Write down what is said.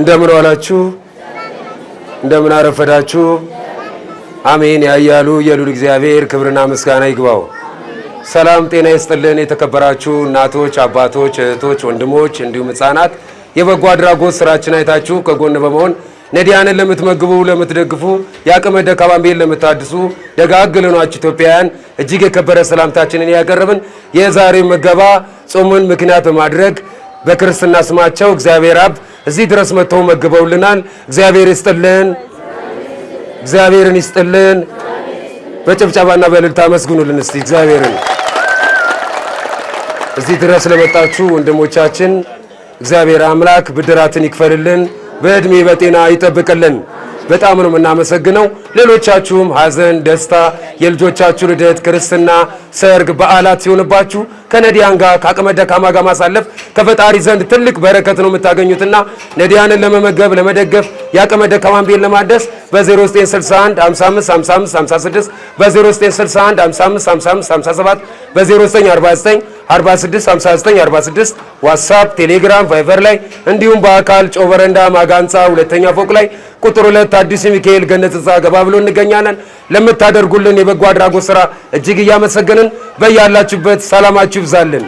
እንደምን ዋላችሁ? እንደምን አረፈዳችሁ? አሜን። ያያሉ የሉል እግዚአብሔር ክብርና ምስጋና ይግባው። ሰላም ጤና ይስጥልን። የተከበራችሁ እናቶች፣ አባቶች፣ እህቶች፣ ወንድሞች እንዲሁም ህጻናት የበጎ አድራጎት ስራችን አይታችሁ ከጎን በመሆን ነዲያንን ለምትመግቡ፣ ለምትደግፉ የአቅመ ደካማን ቤት ለምታድሱ ደጋግ ለሆናችሁ ኢትዮጵያውያን እጅግ የከበረ ሰላምታችንን ያቀረብን የዛሬ ምገባ ጾሙን ምክንያት በማድረግ በክርስትና ስማቸው እግዚአብሔር አብ እዚህ ድረስ መጥተው መግበውልናል። እግዚአብሔር ይስጥልን፣ እግዚአብሔርን ይስጥልን። በጭብጨባና በእልልታ አመስግኑልን እስቲ እግዚአብሔርን። እዚህ ድረስ ለመጣችሁ ወንድሞቻችን እግዚአብሔር አምላክ ብድራትን ይክፈልልን፣ በዕድሜ በጤና ይጠብቅልን። በጣም ነው የምናመሰግነው። ሌሎቻችሁም ሐዘን፣ ደስታ፣ የልጆቻችሁ ልደት፣ ክርስትና፣ ሰርግ፣ በዓላት ሲሆንባችሁ ከነዲያን ጋር ከአቅመ ደካማ ጋር ማሳለፍ ከፈጣሪ ዘንድ ትልቅ በረከት ነው የምታገኙትና ነዲያንን ለመመገብ ለመደገፍ የአቅመ ደካማን ቤት ለማደስ በ0961 55 56 በ0961 55 57 በ0949 46 ዋትሳፕ፣ ቴሌግራም፣ ቫይቨር ላይ እንዲሁም በአካል ጮበረንዳ ማጋንፃ ሁለተኛ ፎቅ ላይ ቁጥር ሁለት አዲስ ሚካኤል ገነት ህንፃ ገባ ብሎ እንገኛለን። ለምታደርጉልን የበጎ አድራጎት ስራ እጅግ እያመሰገንን በያላችሁበት ሰላማችሁ ይብዛልን።